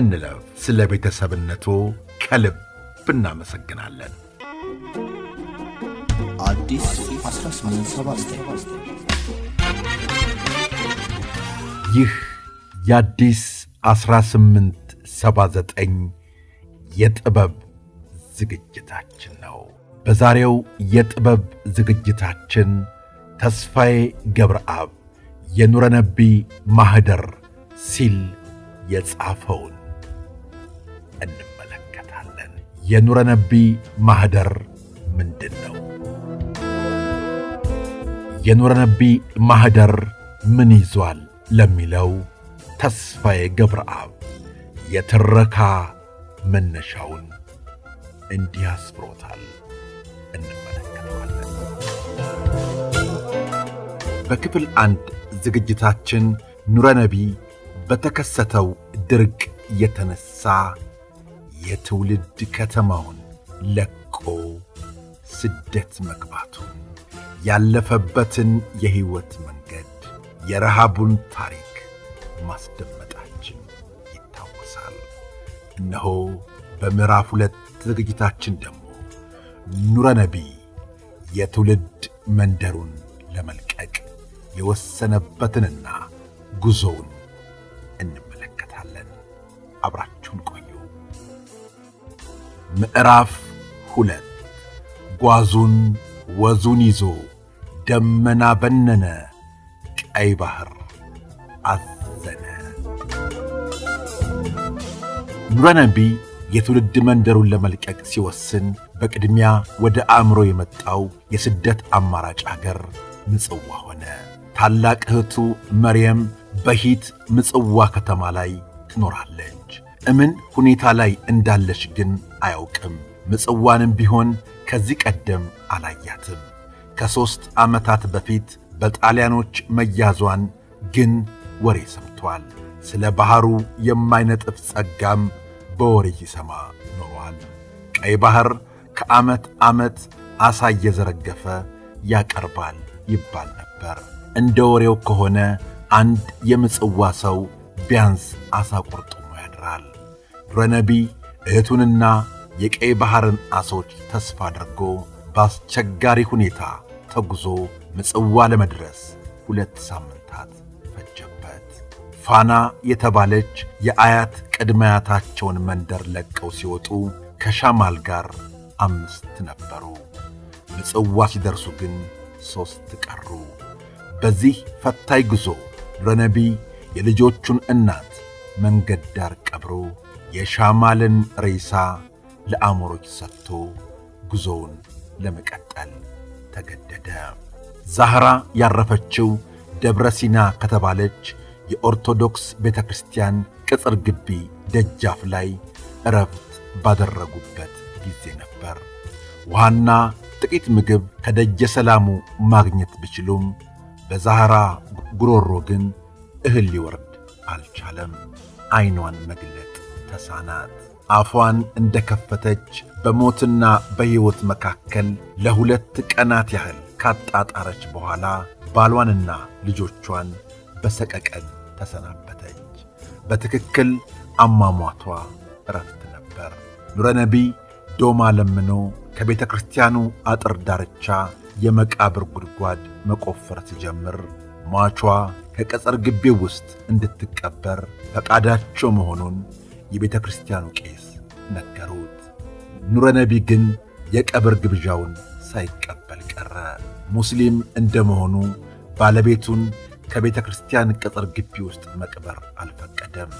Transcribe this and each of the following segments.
እንለፍ። ስለ ቤተሰብነቱ ከልብ እናመሰግናለን። ይህ የአዲስ 1879 የጥበብ ዝግጅታችን ነው። በዛሬው የጥበብ ዝግጅታችን ተስፋዬ ገብረአብ የኑረነቢ ማኅደር ሲል የጻፈውን እንመለከታለን። ነቢ ማህደር ምንድን ነው? ነቢ ማህደር ምን ይዟል ለሚለው ተስፋዬ ገብረአብ የትረካ መነሻውን እንዲህ አስብሮታል፣ እንመለከተዋለን። በክፍል አንድ ዝግጅታችን ኑረ ነቢ በተከሰተው ድርቅ የተነሳ የትውልድ ከተማውን ለቆ ስደት መግባቱን ያለፈበትን የሕይወት መንገድ የረሃቡን ታሪክ ማስደመጣችን ይታወሳል። እነሆ በምዕራፍ ሁለት ዝግጅታችን ደግሞ ኑረ ነቢ የትውልድ መንደሩን ለመልቀቅ የወሰነበትንና ጉዞውን እንመለከታለን። አብራችሁን ቆዩ። ምዕራፍ ሁለት ጓዙን ወዙን ይዞ ደመና በነነ፣ ቀይ ባህር አዘነ። ኑረነቢ የትውልድ መንደሩን ለመልቀቅ ሲወስን በቅድሚያ ወደ አእምሮ የመጣው የስደት አማራጭ አገር ምጽዋ ሆነ። ታላቅ እህቱ መርየም በሂት ምጽዋ ከተማ ላይ ትኖራለች። እምን ሁኔታ ላይ እንዳለች ግን አያውቅም። ምጽዋንም ቢሆን ከዚህ ቀደም አላያትም። ከሦስት ዓመታት በፊት በጣሊያኖች መያዟን ግን ወሬ ሰምቷል። ስለ ባሕሩ የማይነጥፍ ጸጋም በወሬ ይሰማ ኖሯል። ቀይ ባሕር ከዓመት ዓመት ዓሣ እየዘረገፈ ያቀርባል ይባል ነበር። እንደ ወሬው ከሆነ አንድ የምጽዋ ሰው ቢያንስ ዓሣ ቆርጦ ረነቢ እህቱንና የቀይ ባሕርን ዓሦች ተስፋ አድርጎ በአስቸጋሪ ሁኔታ ተጉዞ ምጽዋ ለመድረስ ሁለት ሳምንታት ፈጀበት። ፋና የተባለች የአያት ቅድመ አያታቸውን መንደር ለቀው ሲወጡ ከሻማል ጋር አምስት ነበሩ። ምጽዋ ሲደርሱ ግን ሦስት ቀሩ። በዚህ ፈታኝ ጉዞ ረነቢ የልጆቹን እናት መንገድ ዳር ቀብሮ የሻማልን ሬሳ ለአሞሮች ሰጥቶ ጉዞውን ለመቀጠል ተገደደ። ዛህራ ያረፈችው ደብረ ሲና ከተባለች የኦርቶዶክስ ቤተ ክርስቲያን ቅጽር ግቢ ደጃፍ ላይ እረፍት ባደረጉበት ጊዜ ነበር። ውሃና ጥቂት ምግብ ከደጀ ሰላሙ ማግኘት ቢችሉም በዛህራ ጉሮሮ ግን እህል ሊወርድ አልቻለም። አይኗን መግለጥ ተሳናት። አፏን እንደከፈተች በሞትና በሕይወት መካከል ለሁለት ቀናት ያህል ካጣጣረች በኋላ ባሏንና ልጆቿን በሰቀቀን ተሰናበተች። በትክክል አሟሟቷ እረፍት ነበር። ኑረነቢ ዶማ ለምኖ ከቤተ ክርስቲያኑ አጥር ዳርቻ የመቃብር ጉድጓድ መቆፈር ሲጀምር ሟቿ ከቀጸር ግቢው ውስጥ እንድትቀበር ፈቃዳቸው መሆኑን የቤተ ክርስቲያኑ ቄስ ነገሩት። ኑረነቢ ግን የቀብር ግብዣውን ሳይቀበል ቀረ። ሙስሊም እንደመሆኑ ባለቤቱን ከቤተ ክርስቲያን ቅጥር ግቢ ውስጥ መቅበር አልፈቀደም።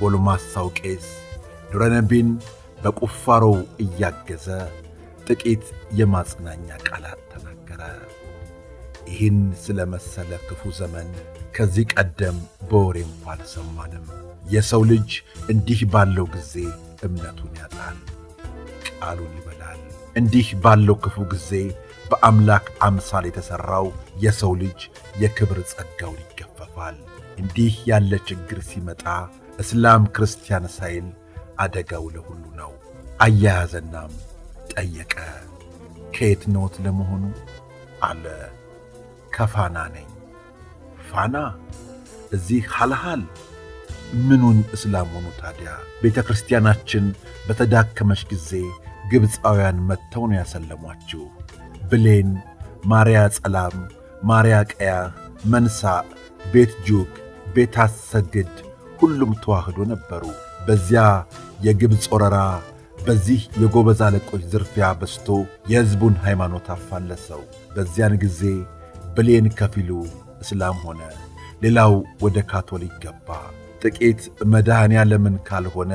ጎልማሳው ቄስ ኑረነቢን በቁፋሮው እያገዘ ጥቂት የማጽናኛ ቃላት ተናገረ። ይህን ስለ መሰለ ክፉ ዘመን ከዚህ ቀደም በወሬ እንኳ አልሰማንም። የሰው ልጅ እንዲህ ባለው ጊዜ እምነቱን ያጣል፣ ቃሉን ይበላል። እንዲህ ባለው ክፉ ጊዜ በአምላክ አምሳል የተሠራው የሰው ልጅ የክብር ጸጋውን ይገፈፋል። እንዲህ ያለ ችግር ሲመጣ እስላም ክርስቲያን ሳይል አደጋው ለሁሉ ነው። አያያዘናም ጠየቀ። ከየት ነዎት ለመሆኑ? አለ። ከፋና ነኝ። ፋና እዚህ ሐልሃል ምኑን እስላም ሆኑ ታዲያ? ቤተ ክርስቲያናችን በተዳከመች ጊዜ ግብፃውያን መጥተው ነው ያሰለሟችሁ። ብሌን፣ ማርያ ጸላም፣ ማርያ ቀያ፣ መንሳ ቤት ጁግ፣ ቤት አሰግድ ሁሉም ተዋህዶ ነበሩ። በዚያ የግብፅ ወረራ፣ በዚህ የጎበዝ አለቆች ዝርፊያ በዝቶ የሕዝቡን ሃይማኖት አፋለሰው። በዚያን ጊዜ ብሌን ከፊሉ እስላም ሆነ፣ ሌላው ወደ ካቶሊክ ገባ። ጥቂት መድኃኔ ዓለምን ካልሆነ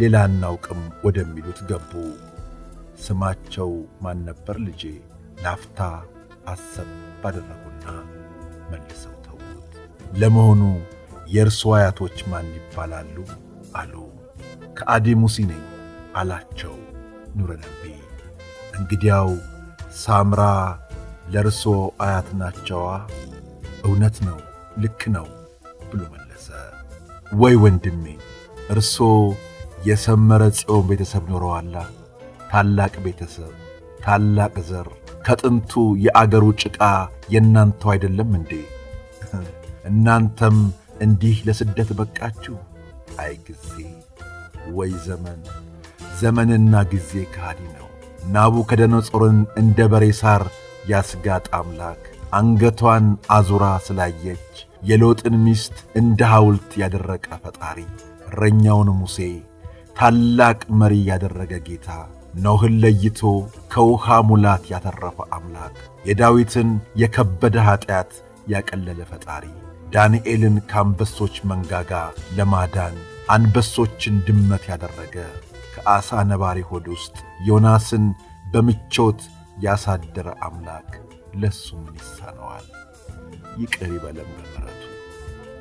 ሌላ አናውቅም ወደሚሉት ገቡ። ስማቸው ማን ነበር ልጄ? ላፍታ አሰብ ባደረጉና መልሰው ተዉት። ለመሆኑ የእርሶ አያቶች ማን ይባላሉ? አሉ። ከአዲ ሙሲ ነኝ አላቸው ኑረነቢ። እንግዲያው ሳምራ ለእርሶ አያት ናቸዋ? እውነት ነው፣ ልክ ነው ብሎ ወይ ወንድሜ እርሶ የሰመረ ጽዮን ቤተሰብ ኖረዋላ። ታላቅ ቤተሰብ፣ ታላቅ ዘር፣ ከጥንቱ የአገሩ ጭቃ የእናንተው አይደለም እንዴ? እናንተም እንዲህ ለስደት በቃችሁ? አይ ጊዜ ወይ ዘመን! ዘመንና ጊዜ ከሃዲ ነው። ናቡከደነጾርን እንደ በሬ ሳር ያስጋጥ አምላክ አንገቷን አዙራ ስላየች የሎጥን ሚስት እንደ ሐውልት ያደረቀ ፈጣሪ እረኛውን ሙሴ ታላቅ መሪ ያደረገ ጌታ ኖህን ለይቶ ከውሃ ሙላት ያተረፈ አምላክ የዳዊትን የከበደ ኀጢአት ያቀለለ ፈጣሪ ዳንኤልን ከአንበሶች መንጋጋ ለማዳን አንበሶችን ድመት ያደረገ ከዓሣ ነባሪ ሆድ ውስጥ ዮናስን በምቾት ያሳደረ አምላክ ለሱ ምን ይሳነዋል? ይቅር ይበለን በምሕረቱ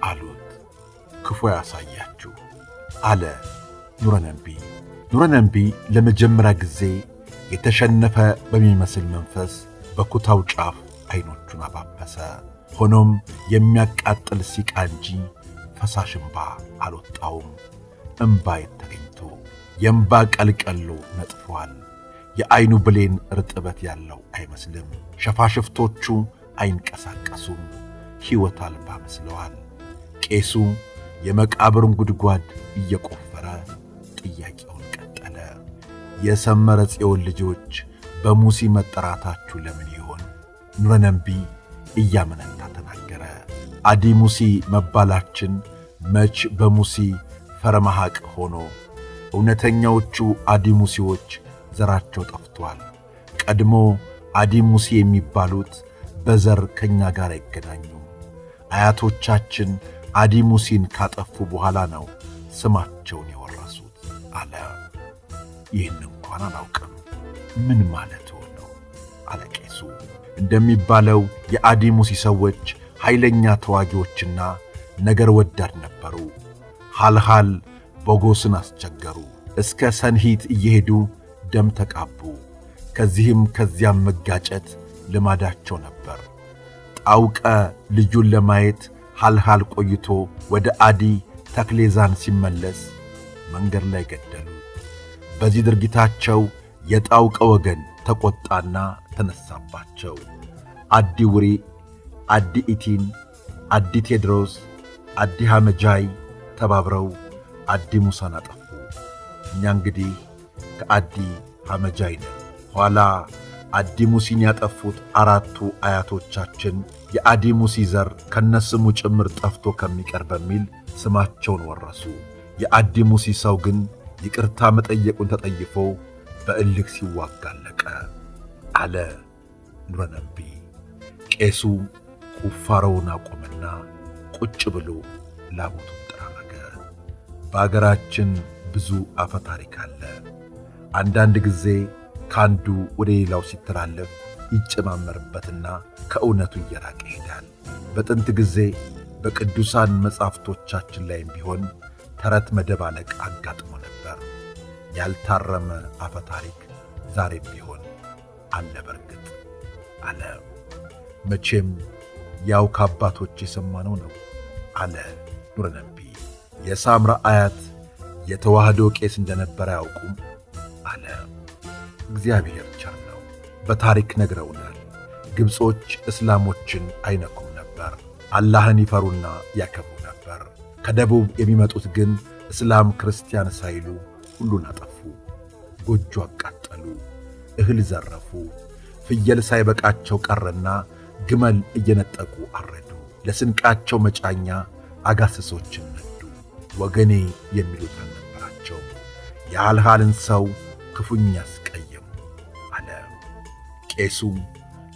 አሉት። ክፉ ያሳያችሁ አለ ኑረነቢ። ኑረነቢ ለመጀመሪያ ጊዜ የተሸነፈ በሚመስል መንፈስ በኩታው ጫፍ ዐይኖቹን አባበሰ። ሆኖም የሚያቃጥል ሲቃ እንጂ ፈሳሽ እምባ አልወጣውም። እምባ የተገኝቶ የእምባ ቀልቀሎ ነጥፏል። የአይኑ ብሌን ርጥበት ያለው አይመስልም። ሸፋሽፍቶቹ አይንቀሳቀሱም፣ ሕይወት አልባ መስለዋል። ቄሱ የመቃብሩን ጉድጓድ እየቆፈረ ጥያቄውን ቀጠለ። የሰመረ ጽዮን ልጆች በሙሲ መጠራታችሁ ለምን ይሆን? ኑረነንቢ እያመነታ ተናገረ። አዲ ሙሲ መባላችን መች በሙሲ ፈረመሐቅ ሆኖ እውነተኛዎቹ አዲ ሙሲዎች ዘራቸው ጠፍቷል። ቀድሞ አዲ ሙሴ የሚባሉት በዘር ከእኛ ጋር አይገናኙ አያቶቻችን አዲ ሙሴን ካጠፉ በኋላ ነው ስማቸውን የወረሱት አለ። ይህን እንኳን አላውቅም ምን ማለት ነው አለ ቄሱ። እንደሚባለው የአዲ ሙሴ ሰዎች ኃይለኛ ተዋጊዎችና ነገር ወዳድ ነበሩ። ሐልሃል ቦጎስን አስቸገሩ። እስከ ሰንሂት እየሄዱ ደም ተቃቡ። ከዚህም ከዚያም መጋጨት ልማዳቸው ነበር። ጣውቀ ልጁን ለማየት ሐልሐል ቆይቶ ወደ አዲ ተክሌዛን ሲመለስ መንገድ ላይ ገደሉ። በዚህ ድርጊታቸው የጣውቀ ወገን ተቆጣና ተነሳባቸው። አዲ ውሪ፣ አዲ ኢቲን፣ አዲ ቴድሮስ፣ አዲ ሐመጃይ ተባብረው አዲ ሙሳን አጠፉ። እኛ እንግዲህ ከአዲ ሐመጃይ ኋላ አዲ ሙሲን ያጠፉት አራቱ አያቶቻችን የአዲ ሙሲ ዘር ከነስሙ ጭምር ጠፍቶ ከሚቀር በሚል ስማቸውን ወረሱ። የአዲ ሙሲ ሰው ግን ይቅርታ መጠየቁን ተጠይፎ በእልክ ሲዋጋለቀ አለ ኑረነቢ። ቄሱ ቁፋሮውን አቆመና ቁጭ ብሎ ላቦቱን ጠራረገ። በአገራችን ብዙ አፈ ታሪክ አለ። አንዳንድ ጊዜ ከአንዱ ወደ ሌላው ሲተላለፍ ይጨማመርበትና ከእውነቱ እየራቀ ይሄዳል። በጥንት ጊዜ በቅዱሳን መጻሕፍቶቻችን ላይም ቢሆን ተረት መደባለቅ አጋጥሞ ነበር። ያልታረመ አፈ ታሪክ ዛሬም ቢሆን አለ በርግጥ አለ። መቼም ያው ከአባቶች የሰማነው ነው አለ ኑረነቢ። የሳምራ አያት የተዋህዶ ቄስ እንደነበረ አያውቁም። ተባለ። እግዚአብሔር ቸር ነው። በታሪክ ነግረውናል። ግብጾች እስላሞችን አይነኩም ነበር፣ አላህን ይፈሩና ያከብሩ ነበር። ከደቡብ የሚመጡት ግን እስላም ክርስቲያን ሳይሉ ሁሉን አጠፉ። ጎጆ አቃጠሉ፣ እህል ዘረፉ። ፍየል ሳይበቃቸው ቀረና ግመል እየነጠቁ አረዱ። ለስንቃቸው መጫኛ አጋሰሶችን ነዱ። ወገኔ የሚሉት አልነበራቸው። የአልሃልን ሰው ክፉኛ አስቀየሙ አለ። ቄሱም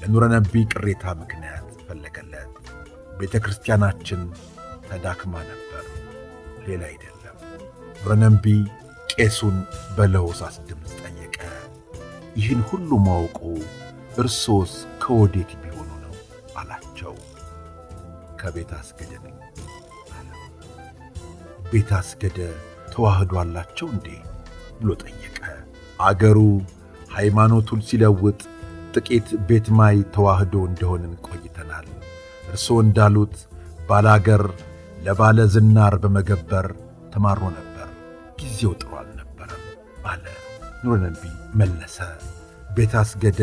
ለኑረነቢ ቅሬታ ምክንያት ፈለገለት። ቤተ ክርስቲያናችን ተዳክማ ነበር፣ ሌላ አይደለም። ኑረነቢ ቄሱን በለሆሳስ ድምፅ ጠየቀ። ይህን ሁሉ ማውቁ እርሶስ ከወዴት ቢሆኑ ነው አላቸው። ከቤት አስገደ ነኝ አለ። ቤት አስገደ ተዋህዶ አላቸው እንዴ ብሎ ጠየቀ። አገሩ ሃይማኖቱን ሲለውጥ ጥቂት ቤት ማይ ተዋህዶ እንደሆንን ቆይተናል። እርስዎ እንዳሉት ባላገር ለባለ ዝናር በመገበር ተማሮ ነበር። ጊዜው ጥሩ አልነበረም አለ ኑረነቢ መለሰ። ቤት አስገደ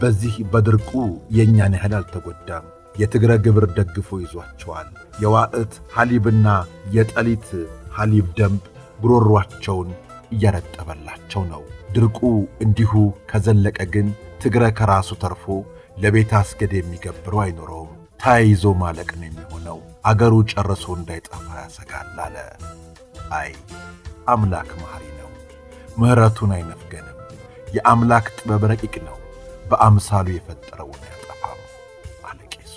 በዚህ በድርቁ የእኛን ያህል አልተጎዳም። የትግረ ግብር ደግፎ ይዟቸዋል። የዋዕት ሐሊብና የጠሊት ሐሊብ ደንብ ጉሮሯቸውን እያረጠበላቸው ነው። ድርቁ እንዲሁ ከዘለቀ ግን ትግረ ከራሱ ተርፎ ለቤት አስገድ የሚገብረው አይኖረውም። ተያይዞ ማለቅ ነው የሚሆነው። አገሩ ጨርሶ እንዳይጠፋ ያሰጋል አለ። አይ አምላክ መሐሪ ነው፣ ምሕረቱን አይነፍገንም። የአምላክ ጥበብ ረቂቅ ነው፣ በአምሳሉ የፈጠረውን አያጠፋም አለ ቄሱ።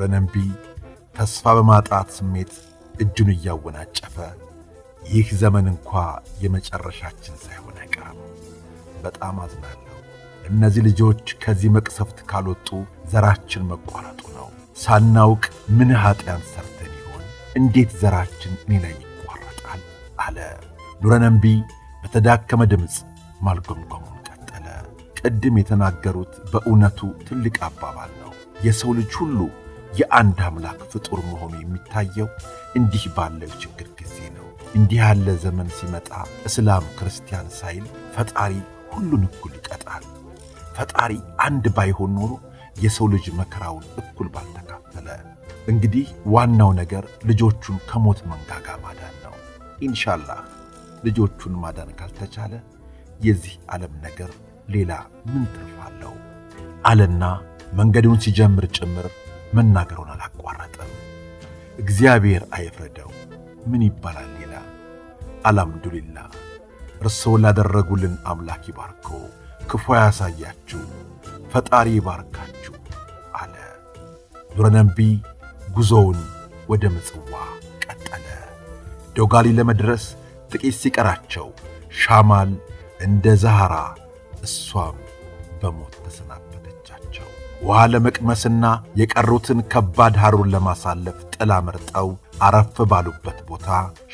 ረነምቢ ተስፋ በማጣት ስሜት እጁን እያወናጨፈ ይህ ዘመን እንኳ የመጨረሻችን ሳይሆን አይቀርም። በጣም አዝናለሁ። እነዚህ ልጆች ከዚህ መቅሰፍት ካልወጡ ዘራችን መቋረጡ ነው። ሳናውቅ ምን ኀጢያን ሰርተን ይሆን? እንዴት ዘራችን እኔ ላይ ይቋረጣል? አለ ኑረነንቢ በተዳከመ ድምፅ ማልጎምጎሙን ቀጠለ። ቅድም የተናገሩት በእውነቱ ትልቅ አባባል ነው። የሰው ልጅ ሁሉ የአንድ አምላክ ፍጡር መሆኑ የሚታየው እንዲህ ባለው ችግር ጊዜ ነው። እንዲህ ያለ ዘመን ሲመጣ እስላም ክርስቲያን ሳይል ፈጣሪ ሁሉን እኩል ይቀጣል። ፈጣሪ አንድ ባይሆን ኖሮ የሰው ልጅ መከራውን እኩል ባልተካፈለ። እንግዲህ ዋናው ነገር ልጆቹን ከሞት መንጋጋ ማዳን ነው። ኢንሻላህ ልጆቹን ማዳን ካልተቻለ የዚህ ዓለም ነገር ሌላ ምን ትርፍ አለው? አለና መንገዱን ሲጀምር ጭምር መናገሩን አላቋረጠም። እግዚአብሔር አይፍረደው። ምን ይባላል ሌላ? አልሐምዱሊላ። እርስዎ ላደረጉልን አምላክ ይባርኮ፣ ክፉ ያሳያችሁ፣ ፈጣሪ ይባርካችሁ አለ። ኑረነቢ ጉዞውን ወደ ምጽዋ ቀጠለ። ዶጋሊ ለመድረስ ጥቂት ሲቀራቸው ሻማል እንደ ዛሃራ እሷም በሞት ተሰናበተቻቸው። ውሃ ለመቅመስና የቀሩትን ከባድ ሐሩር ለማሳለፍ ጥላ መርጠው አረፍ ባሉበት ቦታ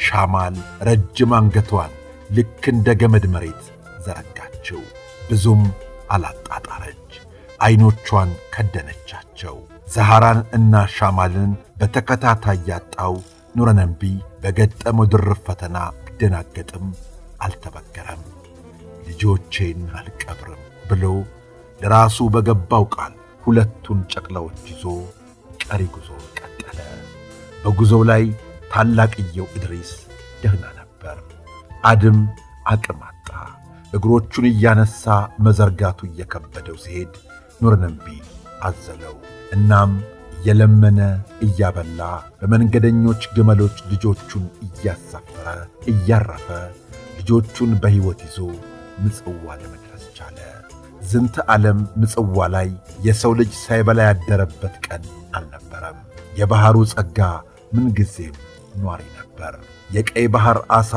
ሻማል ረጅም አንገቷን ልክ እንደ ገመድ መሬት ዘረጋችው። ብዙም አላጣጣረች። ዐይኖቿን ከደነቻቸው። ዛሃራን እና ሻማልን በተከታታይ ያጣው ኑረነቢ በገጠመው ድርብ ፈተና ቢደናገጥም አልተበገረም። ልጆቼን አልቀብርም ብሎ ለራሱ በገባው ቃል ሁለቱን ጨቅላዎች ይዞ ቀሪ ጉዞ በጉዞው ላይ ታላቅየው እድሪስ ደህና ነበር። አድም አቅም አጣ። እግሮቹን እያነሳ መዘርጋቱ እየከበደው ሲሄድ ኑርንቢ አዘለው። እናም እየለመነ እያበላ በመንገደኞች ግመሎች ልጆቹን እያሳፈረ እያረፈ ልጆቹን በሕይወት ይዞ ምጽዋ ለመድረስ ቻለ። ዝንተ ዓለም ምጽዋ ላይ የሰው ልጅ ሳይበላ ያደረበት ቀን አልነበረም። የባሕሩ ጸጋ ምንጊዜም ኗሪ ነበር። የቀይ ባህር ዓሣ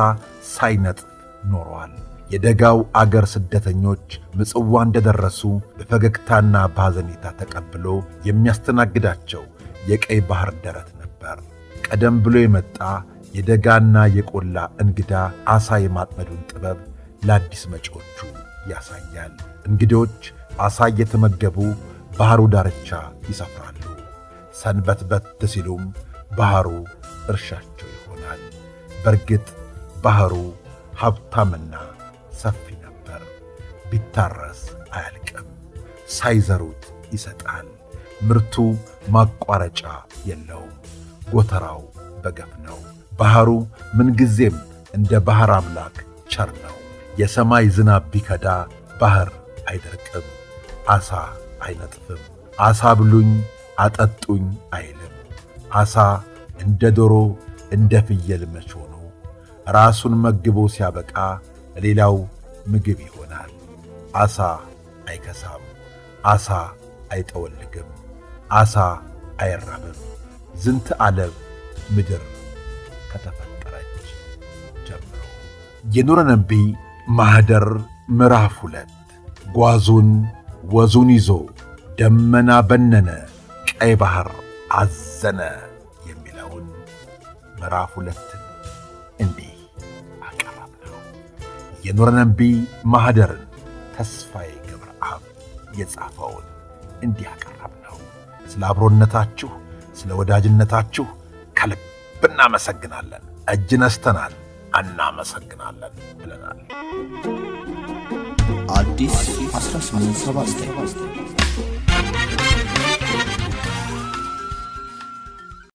ሳይነጥፍ ኖሯል። የደጋው አገር ስደተኞች ምጽዋ እንደደረሱ በፈገግታና በሐዘኔታ ተቀብሎ የሚያስተናግዳቸው የቀይ ባህር ደረት ነበር። ቀደም ብሎ የመጣ የደጋና የቆላ እንግዳ ዓሣ የማጥመዱን ጥበብ ለአዲስ መጪዎቹ ያሳያል። እንግዶች ዓሣ እየተመገቡ ባህሩ ዳርቻ ይሰፍራሉ። ሰንበት በት ሲሉም ባህሩ እርሻቸው ይሆናል። በእርግጥ ባህሩ ሀብታምና ሰፊ ነበር። ቢታረስ አያልቅም፣ ሳይዘሩት ይሰጣል። ምርቱ ማቋረጫ የለውም። ጎተራው በገፍ ነው። ባህሩ ምንጊዜም እንደ ባሕር አምላክ ቸር ነው። የሰማይ ዝናብ ቢከዳ ባሕር አይደርቅም፣ ዓሣ አይነጥፍም። ዓሣ ብሉኝ አጠጡኝ አይልም። ዓሣ እንደ ዶሮ እንደ ፍየል መች ሆኖ ራሱን መግቦ ሲያበቃ ሌላው ምግብ ይሆናል። ዓሣ አይከሳም፣ ዓሣ አይጠወልግም፣ ዓሣ አይራብም። ዝንተ ዓለም ምድር ከተፈጠረች ጀምሮ የኑረ ነቢ ማኅደር ምዕራፍ ሁለት ጓዙን ወዙን ይዞ ደመና በነነ ቀይ ባሕር አዘነ የሚለውን ምዕራፍ ሁለትን እንዲህ አቀባብለው የኖረነቢ ማኅደርን ተስፋዬ ገብረአብ የጻፈውን እንዲህ ነው ስለ አብሮነታችሁ፣ ስለ ወዳጅነታችሁ ከልብ እናመሰግናለን። እጅ ነስተናል። እናመሰግናለን ብለናል። አዲስ 1879